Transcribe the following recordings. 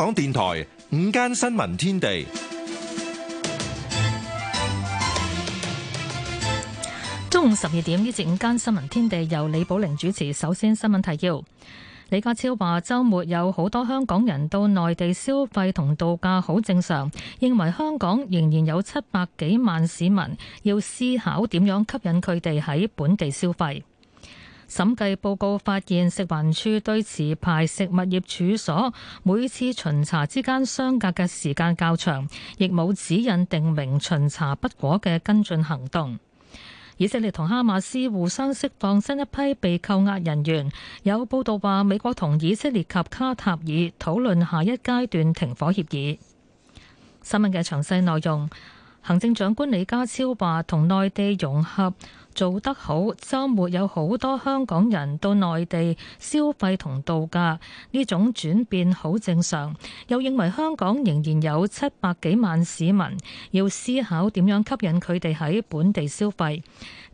香港電台午間新聞天地，中午十二點呢節午間新聞天地由李寶玲主持。首先新聞提要：李家超話周末有好多香港人到內地消費同度假好正常，認為香港仍然有七百幾萬市民要思考點樣吸引佢哋喺本地消費。審計報告發現，食環署對持牌食物業處所每次巡查之間相隔嘅時間較長，亦冇指引定明巡查不果嘅跟進行動。以色列同哈馬斯互相釋放新一批被扣押人員。有報道話，美國同以色列及卡塔爾討論下一階段停火協議。新聞嘅詳細內容，行政長官李家超話同內地融合。做得好，周末有好多香港人到內地消費同度假，呢種轉變好正常。又認為香港仍然有七百幾萬市民，要思考點樣吸引佢哋喺本地消費，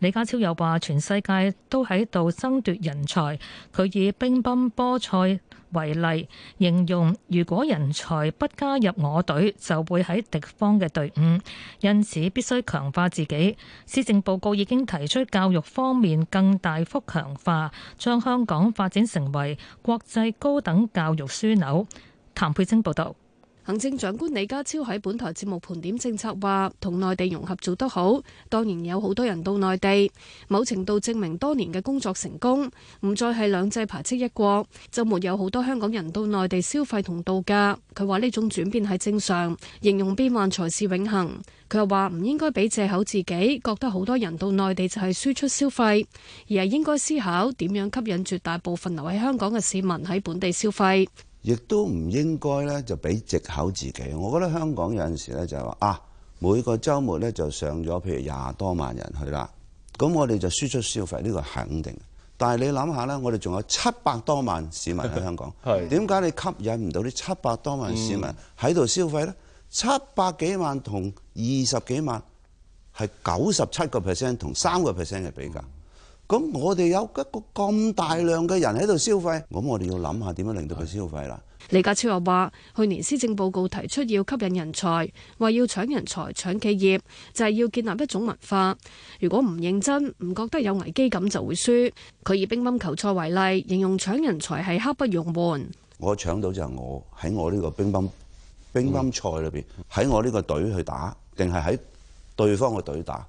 李家超又話全世界都喺度爭奪人才，佢以乒乓波賽為例，形容如果人才不加入我隊，就會喺敵方嘅隊伍，因此必須強化自己。施政報告已經提出教育方面更大幅強化，將香港發展成為國際高等教育樞紐。譚佩晶報道。行政長官李家超喺本台節目盤點政策，話同內地融合做得好，當然有好多人到內地，某程度證明多年嘅工作成功。唔再係兩制排斥一國，周末有好多香港人到內地消費同度假。佢話呢種轉變係正常，形容變幻才是永恆。佢又話唔應該俾藉口自己覺得好多人到內地就係輸出消費，而係應該思考點樣吸引絕大部分留喺香港嘅市民喺本地消費。亦都唔應該咧，就俾藉口自己。我覺得香港有陣時咧就係話啊，每個週末咧就上咗譬如廿多萬人去啦，咁我哋就輸出消費呢個肯定。但係你諗下呢我哋仲有七百多萬市民喺香港，點解你吸引唔到呢七百多萬市民喺度消費咧？七百幾萬同二十幾萬係九十七個 percent 同三個 percent 嘅比較。咁我哋有一個咁大量嘅人喺度消費，咁我哋要諗下點樣令到佢消費啦。李家超又話：去年施政報告提出要吸引人才，話要搶人才、搶企業，就係要建立一種文化。如果唔認真、唔覺得有危機感，就會輸。佢以乒乓球賽為例，形容搶人才係刻不容緩。我搶到就係我喺我呢個乒乓乒乓球賽裏邊，喺我呢個隊去打，定係喺對方嘅隊打？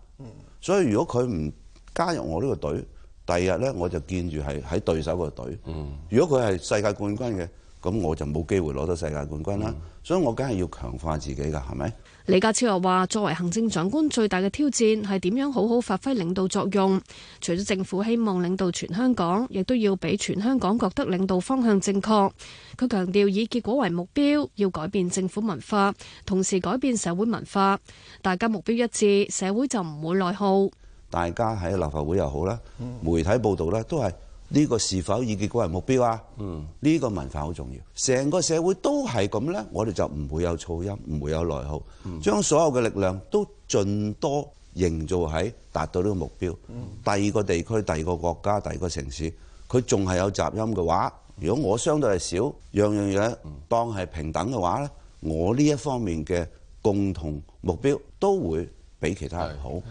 所以如果佢唔加入我呢個隊，第二日咧我就見住係喺對手個隊，嗯，如果佢係世界冠軍嘅，咁我就冇機會攞到世界冠軍啦。所以我梗係要強化自己噶，係咪？李家超又話，作為行政長官，最大嘅挑戰，係點樣好好發揮領導作用。除咗政府希望領導全香港，亦都要俾全香港覺得領導方向正確，佢強調以結果為目標，要改變政府文化，同時改變社會文化。大家目標一致，社會就唔會內耗。大家喺立法會又好啦，媒體報導啦，都係呢個是否以結果為目標啊？呢、嗯，呢個文化好重要，成個社會都係咁呢。我哋就唔會有噪音，唔會有內耗，將、嗯、所有嘅力量都盡多營造喺達到呢個目標、嗯。第二個地區、第二個國家、第二個城市，佢仲係有雜音嘅話，如果我相對係少，樣樣嘢、嗯、當係平等嘅話呢，我呢一方面嘅共同目標都會比其他人好。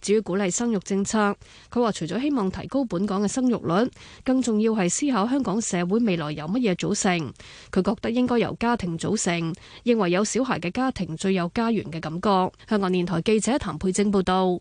至於鼓勵生育政策，佢話：除咗希望提高本港嘅生育率，更重要係思考香港社會未來由乜嘢組成。佢覺得應該由家庭組成，認為有小孩嘅家庭最有家園嘅感覺。香港電台記者譚佩貞報導。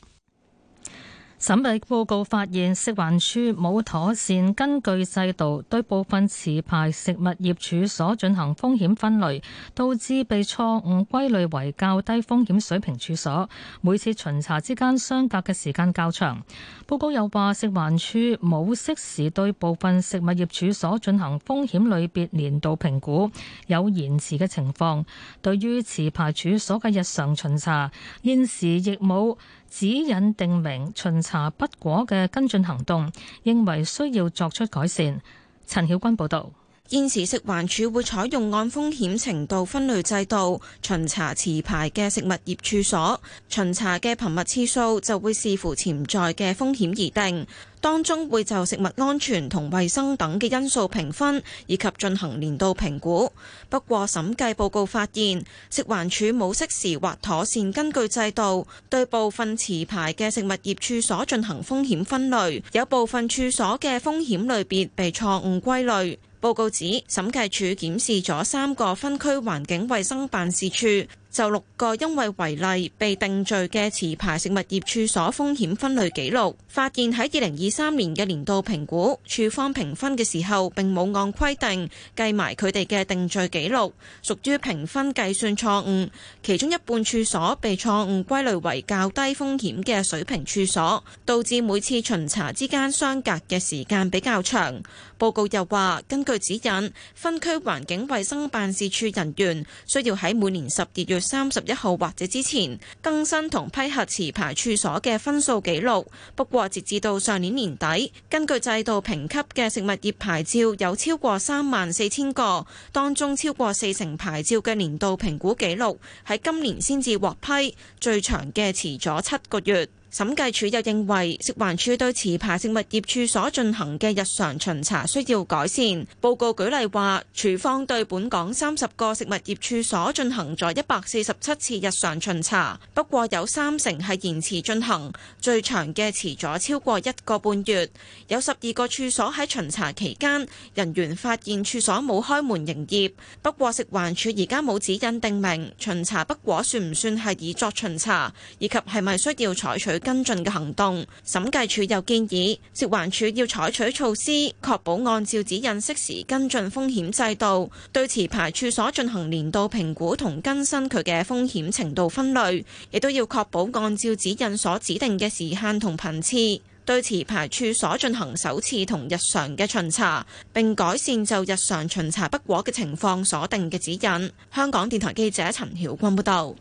審計報告發現，食環署冇妥善根據制度對部分持牌食物業處所進行風險分類，導致被錯誤歸類為較低風險水平處所。每次巡查之間相隔嘅時間較長。報告又話，食環署冇適時對部分食物業處所進行風險類別年度評估，有延遲嘅情況。對於持牌處所嘅日常巡查，現時亦冇指引定名巡查不果嘅跟進行動，認為需要作出改善。陳曉君報道。現時食環署會採用按風險程度分類制度，巡查持牌嘅食物業處所，巡查嘅頻密次數就會視乎潛在嘅風險而定。當中會就食物安全同衛生等嘅因素評分，以及進行年度評估。不過審計報告發現，食環署冇適時或妥善根據制度對部分持牌嘅食物業處所進行風險分類，有部分處所嘅風險類別被錯誤歸類。報告指，審計署檢視咗三個分區環境衛生辦事處。就六個因為違例被定罪嘅持牌食物業處所風險分類紀錄，發現喺二零二三年嘅年度評估處方評分嘅時候，並冇按規定計埋佢哋嘅定罪記錄，屬於評分計算錯誤，其中一半處所被錯誤歸類為較低風險嘅水平處所，導致每次巡查之間相隔嘅時間比較長，報告又話根據指引，分區環境衛生辦事處人員需要喺每年十二月。三十一號或者之前更新同批核持牌處所嘅分數紀錄，不過截至到上年年底，根據制度評級嘅食物業牌照有超過三萬四千個，當中超過四成牌照嘅年度評估紀錄喺今年先至獲批，最長嘅遲咗七個月。審計署又認為食環署對持牌食物業處所進行嘅日常巡查需要改善。報告舉例話，署方對本港三十個食物業處所進行咗一百四十七次日常巡查，不過有三成係延遲進行，最長嘅遲咗超過一個半月。有十二個處所喺巡查期間，人員發現處所冇開門營業。不過食環署而家冇指引定明巡查不果算唔算係已作巡查，以及係咪需要採取跟進嘅行動，審計署又建議接環署要採取措施，確保按照指引適時跟進風險制度，對持牌處所進行年度評估同更新佢嘅風險程度分類，亦都要確保按照指引所指定嘅時限同頻次，對持牌處所進行首次同日常嘅巡查，並改善就日常巡查不果嘅情況所定嘅指引。香港電台記者陳曉君報道。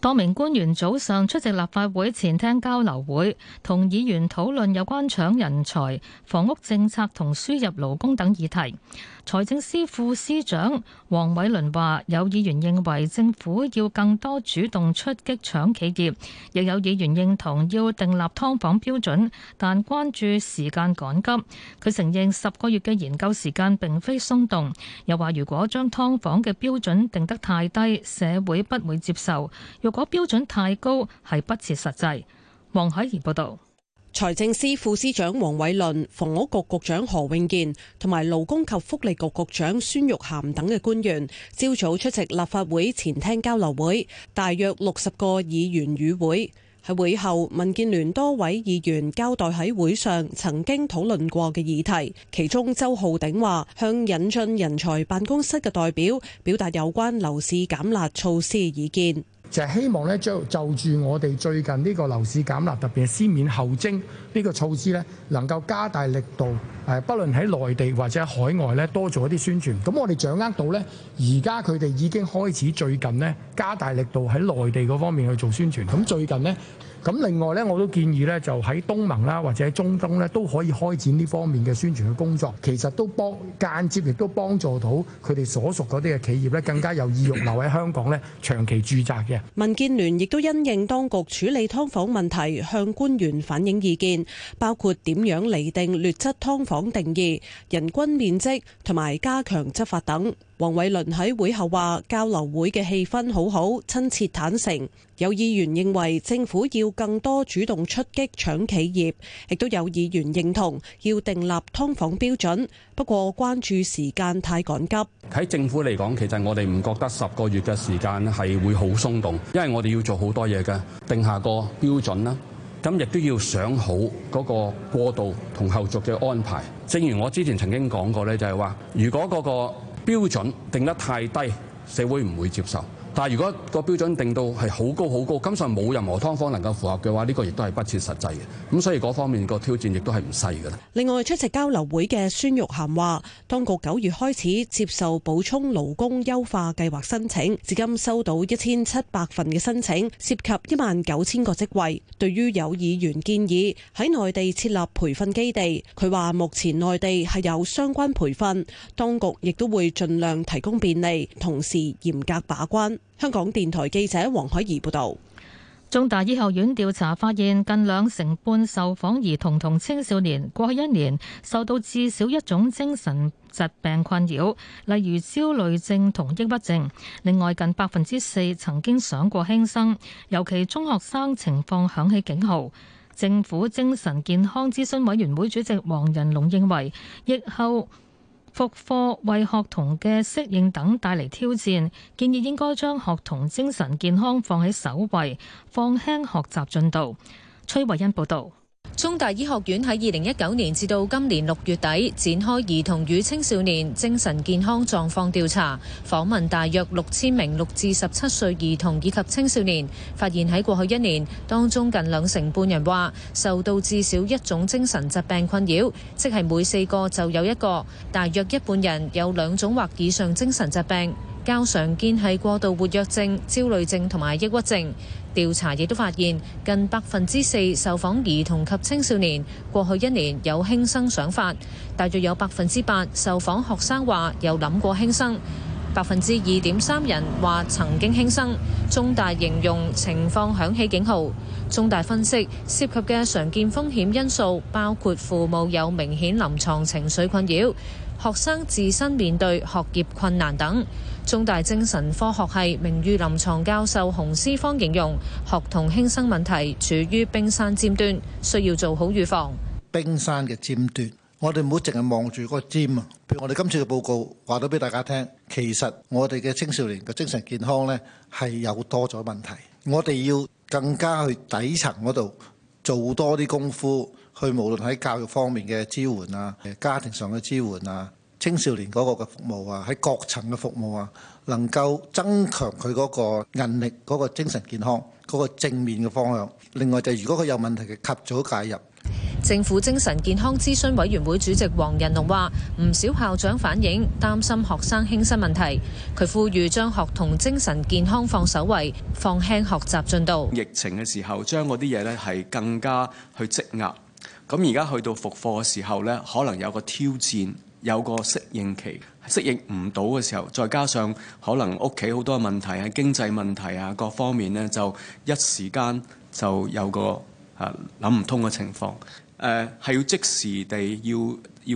多名官員早上出席立法會前廳交流會，同議員討論有關搶人才、房屋政策同輸入勞工等議題。財政司副司長黃偉綸話：有議員認為政府要更多主動出擊搶企業，亦有議員認同要訂立劏房標準，但關注時間趕急。佢承認十個月嘅研究時間並非鬆動，又話如果將劏房嘅標準定得太低，社會不會接受；若果標準太高，係不切實際。黃海賢報道。財政司副司長黃偉綸、房屋局局長何永健同埋勞工及福利局局長孫玉菡等嘅官員，朝早出席立法會前廳交流會，大約六十個議員與會。喺會後，民建聯多位議員交代喺會上曾經討論過嘅議題，其中周浩鼎話向引進人才辦公室嘅代表表達有關樓市減辣措施意見。就係、是、希望咧，就就住我哋最近呢個樓市減辣，特別係先免後徵呢個措施咧，能夠加大力度，誒，不論喺內地或者海外咧，多做一啲宣傳。咁我哋掌握到咧，而家佢哋已經開始最近咧加大力度喺內地嗰方面去做宣傳。咁最近呢。咁另外咧，我都建議咧，就喺東盟啦，或者中東咧，都可以開展呢方面嘅宣傳嘅工作。其實都幫間接，亦都幫助到佢哋所屬嗰啲嘅企業咧，更加有意欲留喺香港咧長期駐紮嘅。民建聯亦都因應當局處理劏房問題，向官員反映意見，包括點樣釐定劣質劏房定義、人均面積同埋加強執法等。黃偉綸喺會後話，交流會嘅氣氛好好，親切坦誠。有議員認為政府要更多主動出擊搶企業，亦都有議員認同要訂立劏房標準，不過關注時間太趕急。喺政府嚟講，其實我哋唔覺得十個月嘅時間係會好鬆動，因為我哋要做好多嘢嘅，定下個標準啦。咁亦都要想好嗰個過渡同後續嘅安排。正如我之前曾經講過咧，就係話如果嗰個。標準定得太低，社會唔會接受。但如果個標準定到係好高好高，根本上冇任何劏房能夠符合嘅話，呢個亦都係不切實際嘅。咁所以嗰方面個挑戰亦都係唔細嘅喇。另外出席交流會嘅孫玉菡話，當局九月開始接受補充勞工優化計劃申請，至今收到一千七百份嘅申請，涉及一萬九千個職位。對於有議員建議喺內地設立培訓基地，佢話目前內地係有相關培訓，當局亦都會盡量提供便利，同時嚴格把關。香港電台記者黃海怡報道：中大醫學院調查發現，近兩成半受訪兒童同青少年過去一年受到至少一種精神疾病困擾，例如焦慮症同抑鬱症。另外，近百分之四曾經想過輕生，尤其中學生情況響起警號。政府精神健康諮詢委員會主席黃仁龍認為，疫後，復課，為學童嘅適應等帶嚟挑戰，建議應該將學童精神健康放喺首位，放輕學習進度。崔慧欣報導。中大醫學院喺二零一九年至到今年六月底，展開兒童與青少年精神健康狀況調查，訪問大約六千名六至十七歲兒童以及青少年，發現喺過去一年當中，近兩成半人話受到至少一種精神疾病困擾，即係每四個就有一個；大約一半人有兩種或以上精神疾病。較常見係過度活躍症、焦慮症同埋抑鬱症。調查亦都發現，近百分之四受訪兒童及青少年過去一年有輕生想法，大約有百分之八受訪學生話有諗過輕生，百分之二點三人話曾經輕生。中大形容情況響起警號。中大分析涉及嘅常見風險因素包括父母有明顯臨床情緒困擾，學生自身面對學業困難等。中大精神科學系名譽臨床教授洪思方形容學童輕生問題處於冰山尖端，需要做好預防。冰山嘅尖端，我哋唔好淨係望住嗰個尖啊。譬如我哋今次嘅報告話到俾大家聽，其實我哋嘅青少年嘅精神健康咧係有多咗問題，我哋要更加去底層嗰度做多啲功夫，去無論喺教育方面嘅支援啊，家庭上嘅支援啊。青少年嗰個嘅服務啊，喺各層嘅服務啊，能夠增強佢嗰個韌力嗰個精神健康嗰個正面嘅方向。另外就係如果佢有問題嘅及早介入。政府精神健康諮詢委員會主席黃仁龍話唔少校長反映擔心學生輕生問題，佢呼籲將學童精神健康放首位，放輕學習進度。疫情嘅時候，將嗰啲嘢咧係更加去積壓，咁而家去到復課嘅時候咧，可能有個挑戰。有個適應期，適應唔到嘅時候，再加上可能屋企好多問題啊、經濟問題啊各方面呢，就一時間就有個啊諗唔通嘅情況。誒、啊，係要即時地要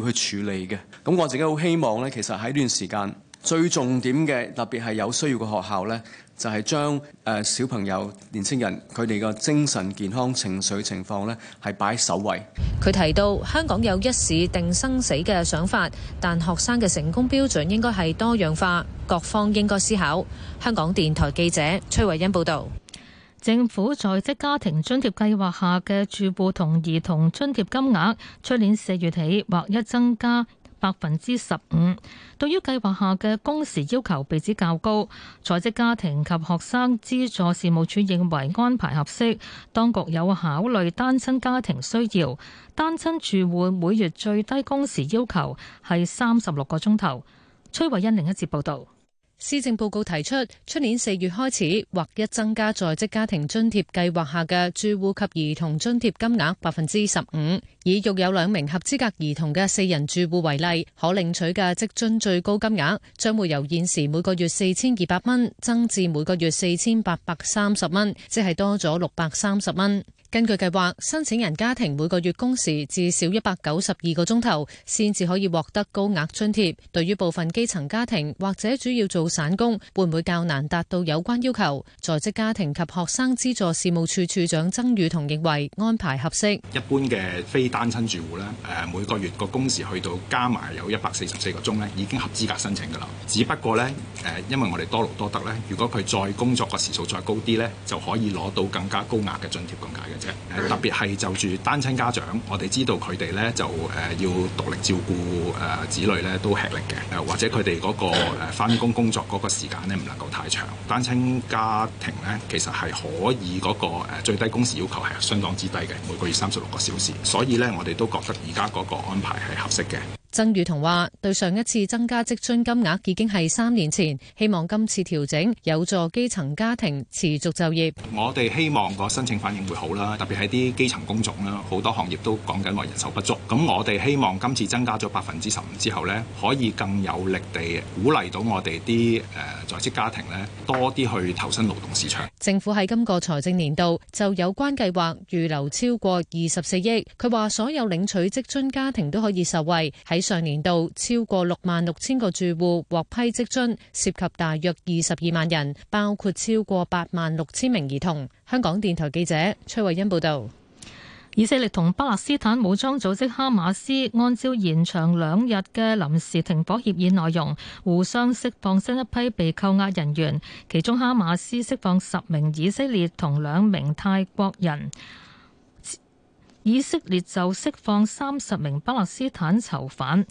要去處理嘅。咁我自己好希望呢，其實喺呢段時間最重點嘅，特別係有需要嘅學校呢。就係將誒小朋友、年青人佢哋嘅精神健康、情緒情況呢，係擺首位。佢提到香港有一試定生死嘅想法，但學生嘅成功標準應該係多樣化，各方應該思考。香港電台記者崔慧欣報道，政府在職家庭津貼計劃下嘅住戶同兒童津貼金額，出年四月起劃一增加百分之十五，對於計劃下嘅工時要求被指較高，在職家庭及學生資助事務處認為安排合適，當局有考慮單親家庭需要，單親住戶每月最低工時要求係三十六個鐘頭。崔慧欣另一節報道。施政報告提出，出年四月開始，劃一增加在職家庭津貼計劃下嘅住戶及兒童津貼金額百分之十五。以育有兩名合資格兒童嘅四人住戶為例，可領取嘅職津最高金額將會由現時每個月四千二百蚊，增至每個月四千八百三十蚊，即係多咗六百三十蚊。根據計劃，申請人家庭每個月工時至少一百九十二個鐘頭，先至可以獲得高額津貼。對於部分基層家庭或者主要做散工，會唔會較難達到有關要求？在職家庭及學生資助事務處處長曾宇同認為安排合適。一般嘅非單親住戶呢，誒每個月個工時去到加埋有一百四十四個鐘呢，已經合資格申請噶啦。只不過呢，誒因為我哋多勞多得呢，如果佢再工作個時數再高啲呢，就可以攞到更加高額嘅津貼咁解嘅。特別係就住單親家長，我哋知道佢哋咧就、呃、要獨力照顧誒、呃、子女咧都吃力嘅，或者佢哋嗰個誒返工工作嗰個時間咧唔能夠太長。單親家庭咧其實係可以嗰、嗰個最低工時要求係相當之低嘅，每個月三十六個小時。所以咧我哋都覺得而家嗰個安排係合適嘅。曾宇彤話：對上一次增加職津金額已經係三年前，希望今次調整有助基層家庭持續就業。我哋希望個申請反應會好啦，特別係啲基層工種啦，好多行業都講緊話人手不足。咁我哋希望今次增加咗百分之十五之後呢，可以更有力地鼓勵到我哋啲誒在職家庭呢，多啲去投身勞動市場。政府喺今個財政年度就有關計劃預留超過二十四億。佢話所有領取職津家庭都可以受惠喺。上年度超過六萬六千個住戶獲批積津，涉及大約二十二萬人，包括超過八萬六千名兒童。香港電台記者崔慧欣報道：以色列同巴勒斯坦武裝組織哈馬斯按照延長兩日嘅臨時停火協議內容，互相釋放新一批被扣押人員，其中哈馬斯釋放十名以色列同兩名泰國人。以色列就釋放三十名巴勒斯坦囚犯，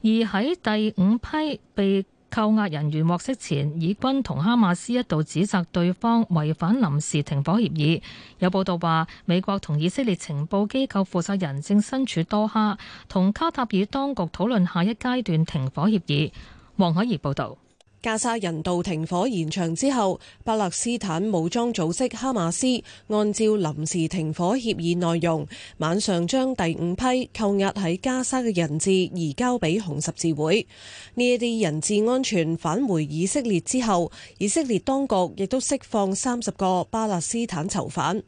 而喺第五批被扣押人員獲釋前，以軍同哈馬斯一度指責對方違反臨時停火協議。有報道話，美國同以色列情報機構負責人正身處多哈，同卡塔爾當局討論下一階段停火協議。黃海怡報導。加沙人道停火延長之後，巴勒斯坦武裝組織哈馬斯按照臨時停火協議內容，晚上將第五批扣押喺加沙嘅人質移交畀紅十字會。呢一啲人質安全返回以色列之後，以色列當局亦都釋放三十個巴勒斯坦囚犯。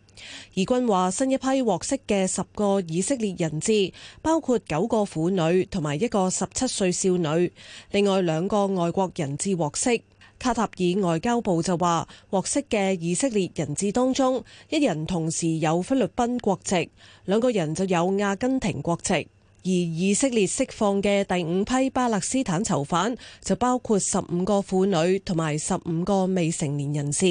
義軍話：新一批獲釋嘅十個以色列人質，包括九個婦女同埋一個十七歲少女。另外兩個外國人質獲釋。卡塔爾外交部就話：獲釋嘅以色列人質當中，一人同時有菲律賓國籍，兩個人就有阿根廷國籍。而以色列釋放嘅第五批巴勒斯坦囚犯，就包括十五個婦女同埋十五個未成年人士。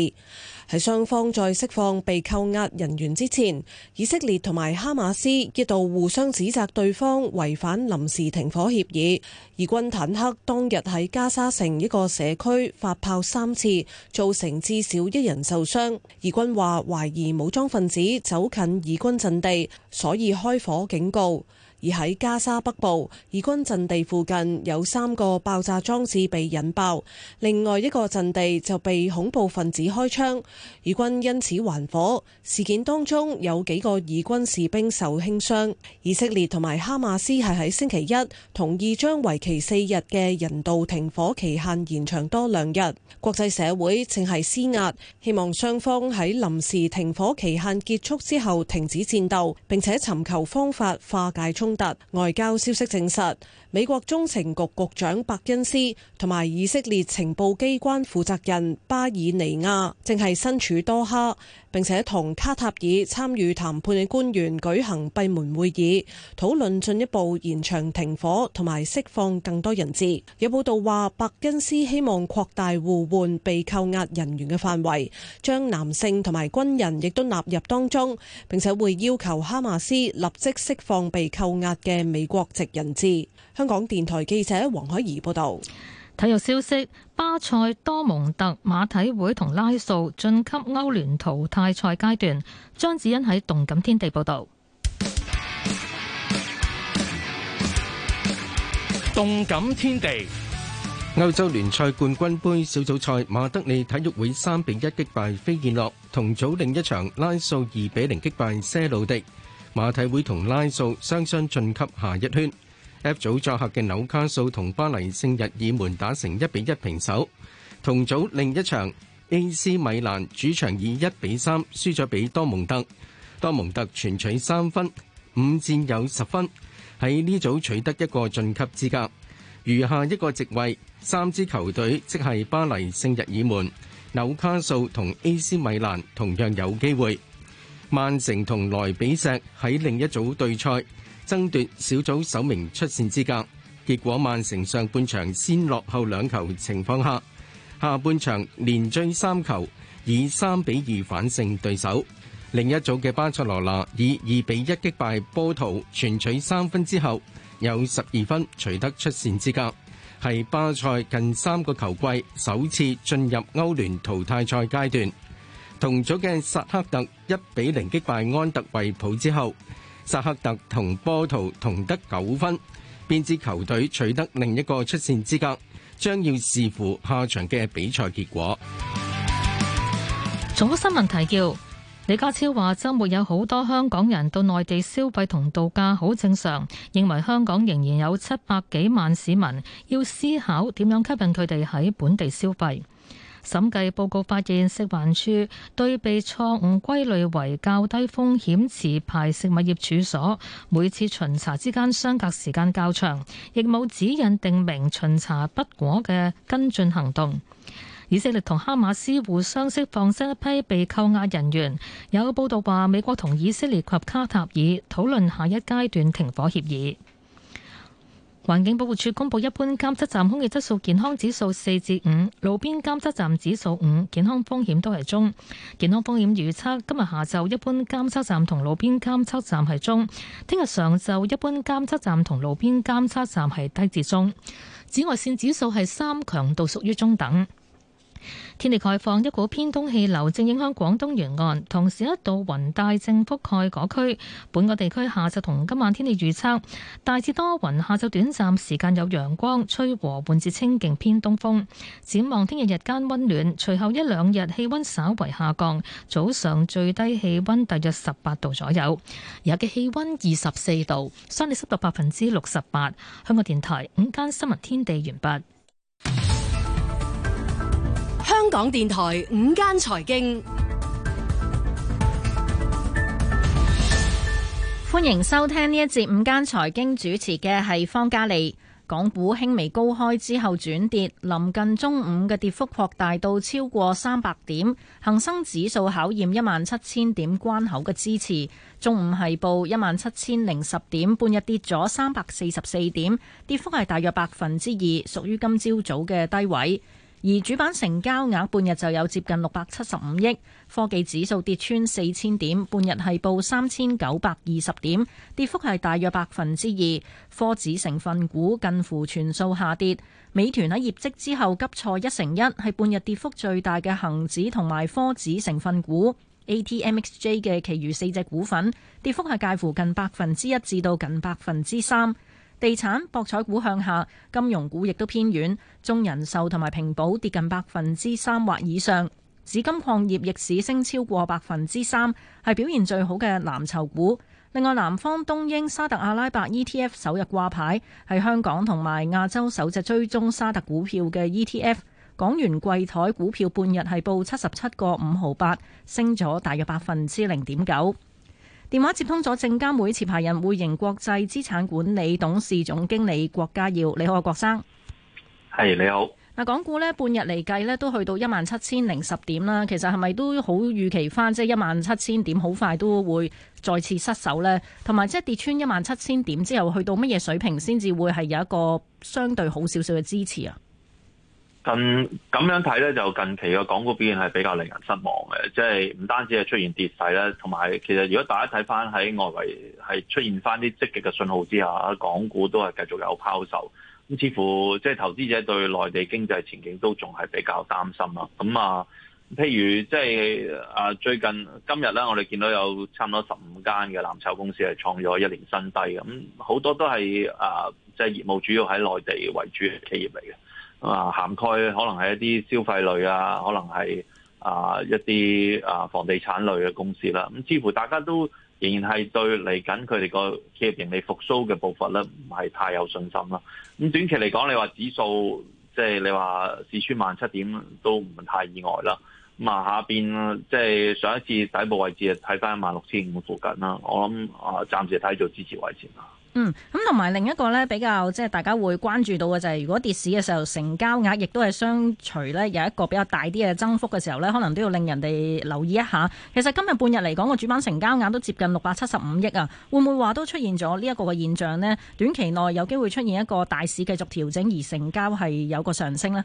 喺雙方在釋放被扣押人員之前，以色列同埋哈馬斯一度互相指責對方違反臨時停火協議。以軍坦克當日喺加沙城一個社區發炮三次，造成至少一人受傷。以軍話懷疑武裝分子走近以軍陣地，所以開火警告。而喺加沙北部以軍陣地附近有三個爆炸裝置被引爆，另外一個陣地就被恐怖分子開槍，以軍因此還火。事件當中有幾個以軍士兵受輕傷。以色列同埋哈馬斯係喺星期一同意將為期四日嘅人道停火期限延長多兩日。國際社會正係施壓，希望雙方喺臨時停火期限結束之後停止戰鬥，並且尋求方法化解衝通達外交消息證實。美國中情局局長伯恩斯同埋以色列情報機關負責人巴爾尼亞正係身處多哈，並且同卡塔爾參與談判嘅官員舉行閉門會議，討論進一步延長停火同埋釋放更多人質。有報道話，伯恩斯希望擴大互換被扣押人員嘅範圍，將男性同埋軍人亦都納入當中，並且會要求哈馬斯立即釋放被扣押嘅美國籍人質。香港電台記者黃海怡報道。體育消息，巴塞多蒙特馬體會同拉素晉級歐聯淘汰賽階段。張子欣喺動感天地報道。動感天地歐洲聯賽冠軍盃小組賽，馬德里體育會三比一擊敗飛燕諾，同組另一場拉素二比零擊敗舍魯迪。馬體會同拉素雙雙晉級下一圈。F 組作客嘅紐卡素同巴黎聖日耳門打成一比一平手。同組另一場 A.C. 米蘭主場以一比三輸咗俾多蒙特，多蒙特全取三分，五戰有十分，喺呢組取得一個晉級資格。餘下一個席位，三支球隊即係巴黎聖日耳門、紐卡素同 A.C. 米蘭，同樣有機會。曼城同萊比錫喺另一組對賽。爭奪小組首名出線資格，結果曼城上半場先落後兩球情況下，下半場連追三球，以三比二反勝對手。另一組嘅巴塞羅那以二比一擊敗波圖，全取三分之後有十二分取得出線資格，係巴塞近三個球季首次進入歐聯淘汰賽階段。同組嘅薩克特一比零擊敗安特衛普之後，扎克特同波圖同得九分，邊支球隊取得另一個出線資格，將要視乎下場嘅比賽結果。早新聞提要，李家超話周末有好多香港人到內地消費同度假好正常，認為香港仍然有七百幾萬市民要思考點樣吸引佢哋喺本地消費。審計報告發現，食環署對被錯誤歸類為較低風險持牌食物業處所每次巡查之間相隔時間較長，亦冇指引定明巡查不果嘅跟進行動。以色列同哈馬斯互相釋放新一批被扣押人員，有報導話美國同以色列及卡塔爾討論下一階段停火協議。環境保護署公布一般監測站空氣質素健康指數四至五，路邊監測站指數五，健康風險都係中。健康風險預測今日下晝一般監測站同路邊監測站係中，聽日上晝一般監測站同路邊監測站係低至中。紫外線指數係三，強度屬於中等。天氣概況，一股偏東氣流正影響廣東沿岸，同時一度雲帶正覆蓋嗰區。本港地區下晝同今晚天氣預測，大致多雲，下晝短暫時，時間有陽光，吹和緩至清勁偏東風。展望聽日日間温暖，隨後一兩日氣温稍為下降，早上最低氣温大約十八度左右，日嘅氣温二十四度，相對濕度百分之六十八。香港電台午間新聞天地完畢。香港電台午間財經，歡迎收聽呢一節午間財經，主持嘅係方嘉利。港股輕微高開之後轉跌，臨近中午嘅跌幅擴大到超過三百點，恒生指數考驗一萬七千點關口嘅支持。中午係報一萬七千零十點，半日跌咗三百四十四點，跌幅係大約百分之二，屬於今朝早嘅低位。而主板成交額半日就有接近六百七十五億，科技指數跌穿四千點，半日係報三千九百二十點，跌幅係大約百分之二。科指成分股近乎全數下跌，美團喺業績之後急挫一成一，係半日跌幅最大嘅恒指同埋科指成分股。ATMXJ 嘅其餘四隻股份，跌幅係介乎近百分之一至到近百分之三。地產、博彩股向下，金融股亦都偏軟，中人壽同埋平保跌近百分之三或以上，紫金礦業逆市升超過百分之三，係表現最好嘅藍籌股。另外，南方東英沙特阿拉伯 ETF 首日掛牌，係香港同埋亞洲首隻追蹤沙特股票嘅 ETF。港元櫃台股票半日係報七十七個五毫八，升咗大約百分之零點九。電話接通咗證監會持牌人匯盈國際資產管理董事總經理郭家耀，你好啊，郭生。係你好。嗱，港股咧半日嚟計咧都去到一萬七千零十點啦，其實係咪都好預期翻，即係一萬七千點好快都會再次失守呢？同埋即係跌穿一萬七千點之後，去到乜嘢水平先至會係有一個相對好少少嘅支持啊？咁咁樣睇咧，就近期嘅港股表現係比較令人失望嘅，即係唔單止係出現跌勢啦，同埋其實如果大家睇翻喺外圍係出現翻啲積極嘅信號之下，港股都係繼續有拋售，咁似乎即係投資者對內地經濟前景都仲係比較擔心啦。咁啊，譬如即係啊，最近今日咧，我哋見到有差唔多十五間嘅藍籌公司係創咗一年新低，咁好多都係啊，即係業務主要喺內地為主嘅企業嚟嘅。啊，涵蓋可能係一啲消費類啊，可能係啊一啲啊房地產類嘅公司啦，咁似乎大家都仍然係對嚟緊佢哋個企業盈利復甦嘅步伐咧，唔係太有信心啦。咁短期嚟講，你話指數即係你話四千萬七點都唔太意外啦。咁下邊即係上一次底部位置係睇翻一萬六千五附近啦。我諗啊，暫時睇做支持位置啦。嗯，咁同埋另一個呢，比較即係大家會關注到嘅就係，如果跌市嘅時候成交額亦都係相隨呢，有一個比較大啲嘅增幅嘅時候呢，可能都要令人哋留意一下。其實今日半日嚟講，個主板成交額都接近六百七十五億啊，會唔會話都出現咗呢一個嘅現象呢？短期內有機會出現一個大市繼續調整而成交係有個上升呢？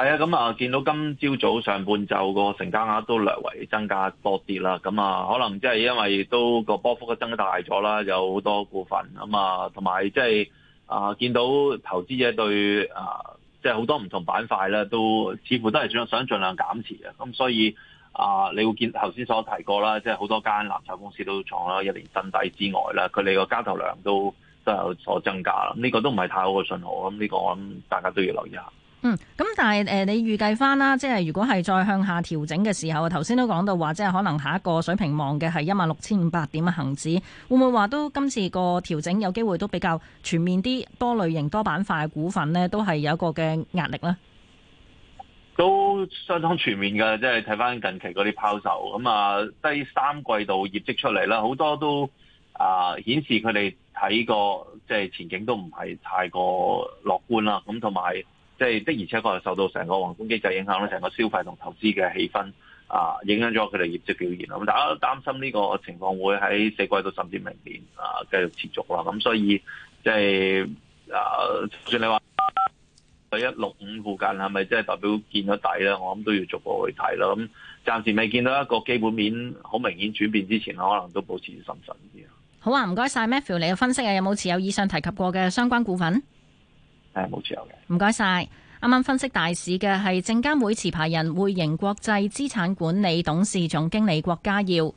係啊，咁啊，見到今朝早上半晝個成交額都略為增加多啲啦。咁啊，可能即係因為都個波幅都增大咗啦，有好多部分咁啊，同埋即係啊，見到投資者對啊，即係好多唔同板塊咧，都似乎都係想想盡量減持啊。咁所以啊，你會見頭先所提過啦，即係好多間藍籌公司都創咗一年新低之外啦，佢哋個交投量都都有所增加啦。呢、呢個都唔係太好嘅信號，咁、呢、呢個我諗大家都要留意下。嗯，咁但係誒，你預計翻啦，即係如果係再向下調整嘅時候啊，頭先都講到話，即係可能下一個水平望嘅係一萬六千五百點嘅恆指，會唔會話都今次個調整有機會都比較全面啲，多類型多板塊股份呢，都係有一個嘅壓力咧？都相當全面嘅，即係睇翻近期嗰啲拋售咁啊，第三季度業績出嚟啦，好多都啊、呃、顯示佢哋睇個即係前景都唔係太過樂觀啦。咁同埋。即係的，而且確係受到成個黃金經濟影響咧，成個消費同投資嘅氣氛啊，影響咗佢哋業績表現啊。咁大家擔心呢個情況會喺四季度甚至明年啊繼續持續啦。咁所以即係啊，就算你話喺一六五附近係咪即係代表見到底咧，我諗都要逐步去睇啦。咁暫時未見到一個基本面好明顯轉變之前，可能都保持審慎啲啊。好啊，唔該晒 Matthew，你嘅分析啊，有冇持有以上提及過嘅相關股份？係冇持有嘅。唔該晒。啱啱分析大市嘅係證監會持牌人匯盈國際資產管理董事總經理郭家耀。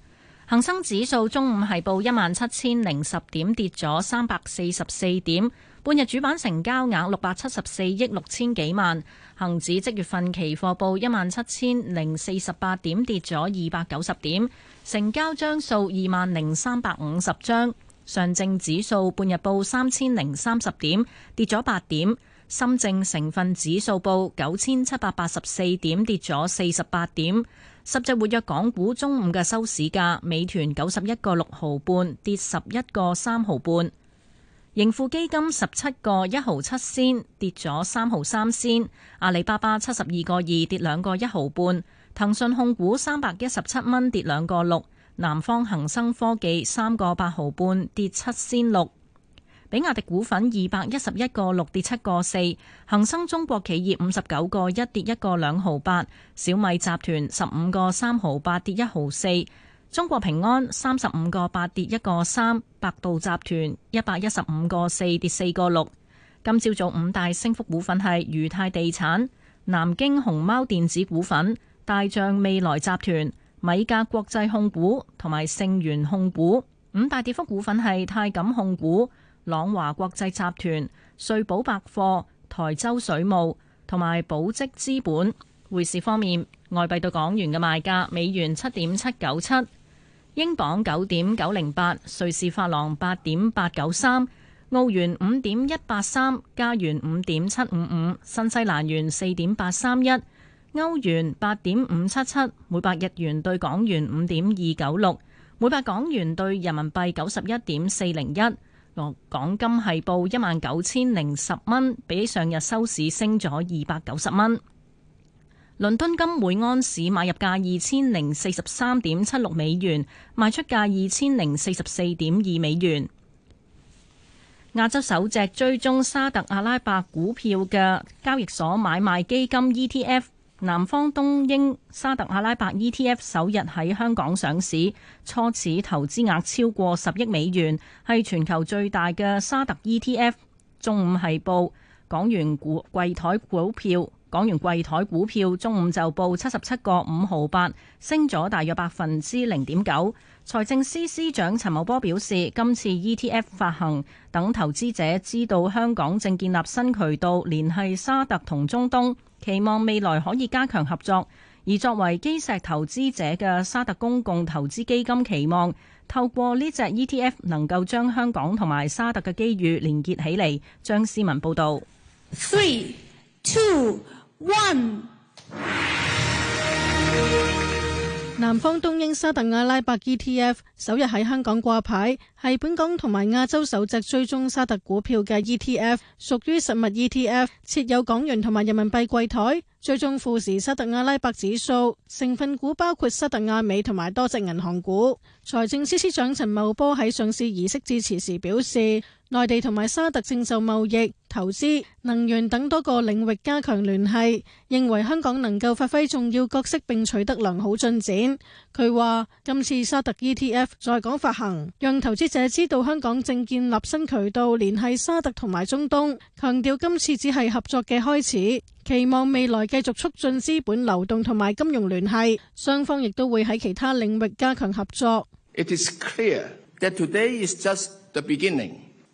恒生指數中午係報一萬七千零十點，跌咗三百四十四點。半日主板成交額六百七十四億六千幾萬。恒指即月份期貨報一萬七千零四十八點，跌咗二百九十點。成交張數二萬零三百五十張。上證指數半日報三千零三十點，跌咗八點。深證成分指數報九千七百八十四點，跌咗四十八點。十隻活躍港股中午嘅收市價，美團九十一個六毫半，跌十一個三毫半。盈富基金十七個一毫七仙，跌咗三毫三仙。阿里巴巴七十二個二，跌兩個一毫半。騰訊控股三百一十七蚊，跌兩個六。南方恒生科技三個八毫半，跌七仙六，比亞迪股份二百一十一個六，跌七個四，恒生中國企業五十九個一，跌一個兩毫八，小米集團十五個三毫八，跌一毫四，中國平安三十五個八，跌一個三，百度集團一百一十五個四，跌四個六。今朝早五大升幅股份係如泰地產、南京熊貓電子股份、大象未來集團、米格國際控股同埋盛源控股。五大跌幅股份係泰錦控股、朗華國際集團、瑞寶百貨、台州水務同埋寶積資本。匯市方面，外幣對港元嘅賣價，美元七點七九七，英鎊九點九零八，瑞士法郎八點八九三，澳元五點一八三，加元五點七五五，新西蘭元四點八三一。歐元八點五七七，每百日元對港元五點二九六，每百港元對人民幣九十一點四零一。港金係報一萬九千零十蚊，比起上日收市升咗二百九十蚊。倫敦金每安士買入價二千零四十三點七六美元，賣出價二千零四十四點二美元。亞洲首隻追蹤沙特阿拉伯股票嘅交易所買賣基金 ETF。南方東英沙特阿拉伯 ETF 首日喺香港上市，初始投資額超過十億美元，係全球最大嘅沙特 ETF。中午係報港元股櫃台股票。講完櫃台股票，中午就報七十七個五毫八，升咗大約百分之零點九。財政司司長陳茂波表示，今次 E T F 發行，等投資者知道香港正建立新渠道，聯繫沙特同中東，期望未來可以加強合作。而作為基石投資者嘅沙特公共投資基金期望透過呢隻 E T F 能夠將香港同埋沙特嘅機遇連結起嚟。張思文報道。Three, two. One 南方東英沙特阿拉伯 ETF 首日喺香港掛牌，係本港同埋亞洲首隻追蹤沙特股票嘅 ETF，屬於實物 ETF，設有港元同埋人民幣櫃台，追蹤富時沙特阿拉伯指數，成分股包括沙特阿美同埋多隻銀行股。財政司司長陳茂波喺上市儀式致辭時表示，內地同埋沙特正就貿易。投資、能源等多個領域加強聯繫，認為香港能夠發揮重要角色，並取得良好進展。佢話今次沙特 ETF 在港發行，讓投資者知道香港正建立新渠道聯繫沙特同埋中東，強調今次只係合作嘅開始，期望未來繼續促進資本流動同埋金融聯繫，雙方亦都會喺其他領域加強合作。It is clear that today is just the beginning.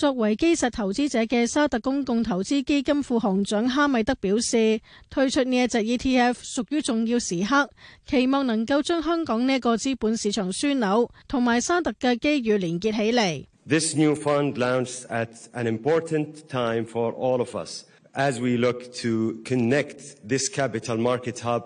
作為基石投資者嘅沙特公共投資基金副行長哈米德表示，推出呢一隻 ETF 屬於重要時刻，期望能夠將香港呢一個資本市場樞紐同埋沙特嘅機遇連結起嚟。This new fund launched at an important time for all of us, as we look to connect this capital market hub.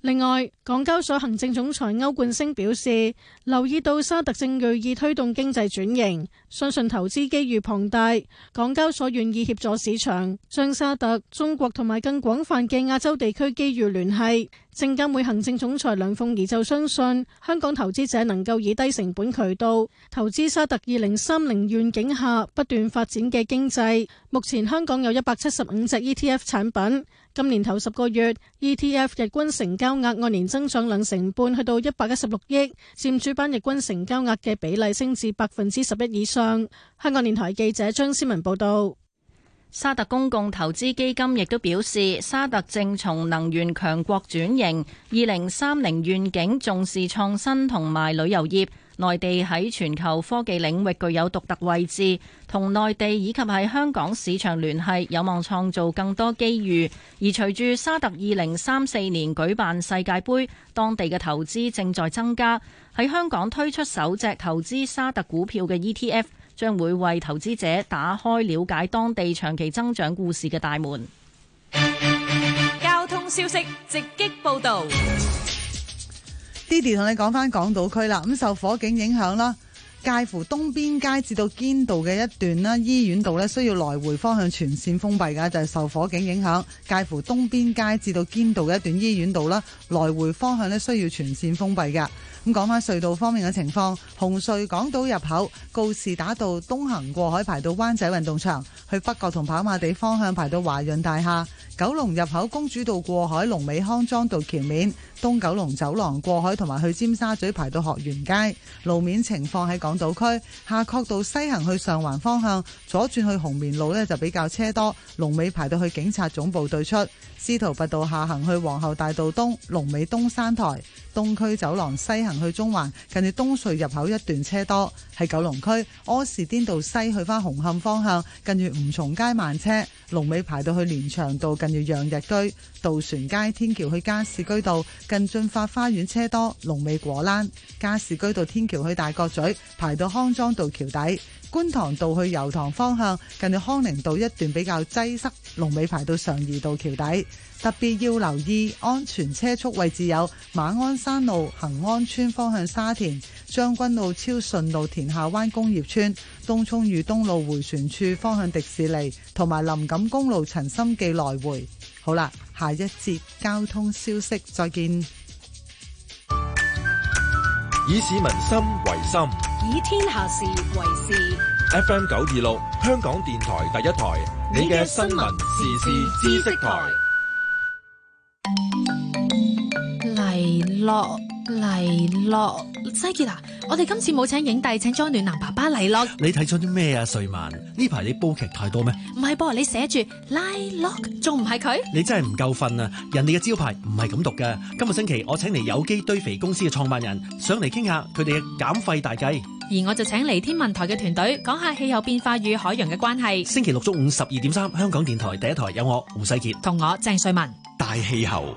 另外，港交所行政總裁歐冠昇表示，留意到沙特正銳意推動經濟轉型，相信投資機遇龐大。港交所願意協助市場將沙特、中國同埋更廣泛嘅亞洲地區機遇聯繫。證監會行政總裁梁鳳儀就相信，香港投資者能夠以低成本渠道投資沙特二零三零願景下不斷發展嘅經濟。目前，香港有一百七十五隻 ETF 產品。今年頭十個月，ETF 日均成交額按年增長兩成半，去到一百一十六億，占主板日均成交額嘅比例升至百分之十一以上。香港電台記者張思文報道。沙特公共投資基金亦都表示，沙特正從能源強國轉型，二零三零願景重視創新同埋旅遊業。內地喺全球科技領域具有獨特位置，同內地以及喺香港市場聯繫，有望創造更多機遇。而隨住沙特二零三四年舉辦世界盃，當地嘅投資正在增加。喺香港推出首隻投資沙特股票嘅 ETF，將會為投資者打開了解當地長期增長故事嘅大門。交通消息直擊報導。Didi 同你講翻港島區啦，咁受火警影響啦，介乎東邊街至到堅道嘅一段啦，醫院道咧需要來回方向全線封閉噶，就係、是、受火警影響，介乎東邊街至到堅道嘅一段醫院道啦，來回方向咧需要全線封閉噶。咁講翻隧道方面嘅情況，紅隧港島入口告士打道東行過海排到灣仔運動場，去北角同跑馬地方向排到華潤大廈，九龍入口公主道過海龍尾康莊道橋面。東九龍走廊過海同埋去尖沙咀排到學園街。路面情況喺港島區，夏慤道西行去上環方向左轉去紅棉路呢，就比較車多，龍尾排到去警察總部對出。司徒拔道下行去皇后大道東，龍尾東山台。東區走廊西行去中環，近住東隧入口一段車多。喺九龍區，柯士甸道西去返紅磡方向，近住吳松街慢車，龍尾排到去連翔道近住洋日居。渡船街天橋去加士居道。近駿發花園車多，龍尾果欄；加士居道天橋去大角咀排到康莊道橋底，觀塘道去油塘方向近到康寧道一段比較擠塞，龍尾排到上怡道橋底。特別要留意安全車速位置有馬鞍山路恆安村方向、沙田將軍路、超順路、田下灣工業村、東涌裕東路迴旋處方向、迪士尼同埋林錦公路陳心記來回。好啦。下一節交通消息，再見。以市民心為心，以天下事為事。FM 九二六，香港電台第一台，你嘅新聞時事知識台。嚟咯。嚟咯，西杰啊！我哋今次冇請影帝，請咗暖男爸爸嚟咯。你睇咗啲咩啊？瑞文，呢排你煲劇太多咩？唔係噃，你寫住拉洛，仲唔係佢？你真係唔夠瞓啊！人哋嘅招牌唔係咁讀㗎。今個星期我請嚟有機堆肥公司嘅創辦人，上嚟傾下佢哋嘅減廢大計。而我就請嚟天文台嘅團隊，講下氣候變化與海洋嘅關係。星期六中午十二點三，香港電台第一台有我胡世杰，同我鄭瑞文，大氣候。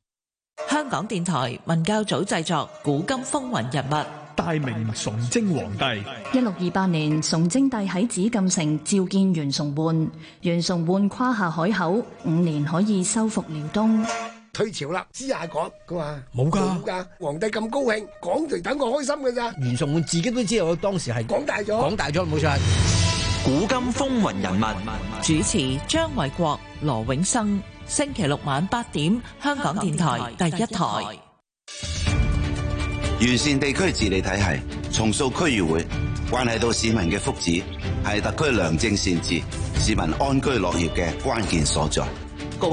香港電台文教組製作《古今風雲人物》，大明崇禎皇帝，一六二八年，崇禎帝喺紫禁城召見袁崇煥，袁崇煥誇下海口，五年可以收復遼東。退朝啦，私下講，佢話冇噶，皇帝咁高興，講嚟等我開心嘅咋。袁崇煥自己都知道，我當時係講大咗，講大咗，冇錯。《古今風雲人物》，主持張偉國、羅永生。星期六晚八點，香港電台第一台。台一台完善地區治理體系，重塑區議會，關係到市民嘅福祉，係特區良政善治、市民安居樂業嘅關鍵所在。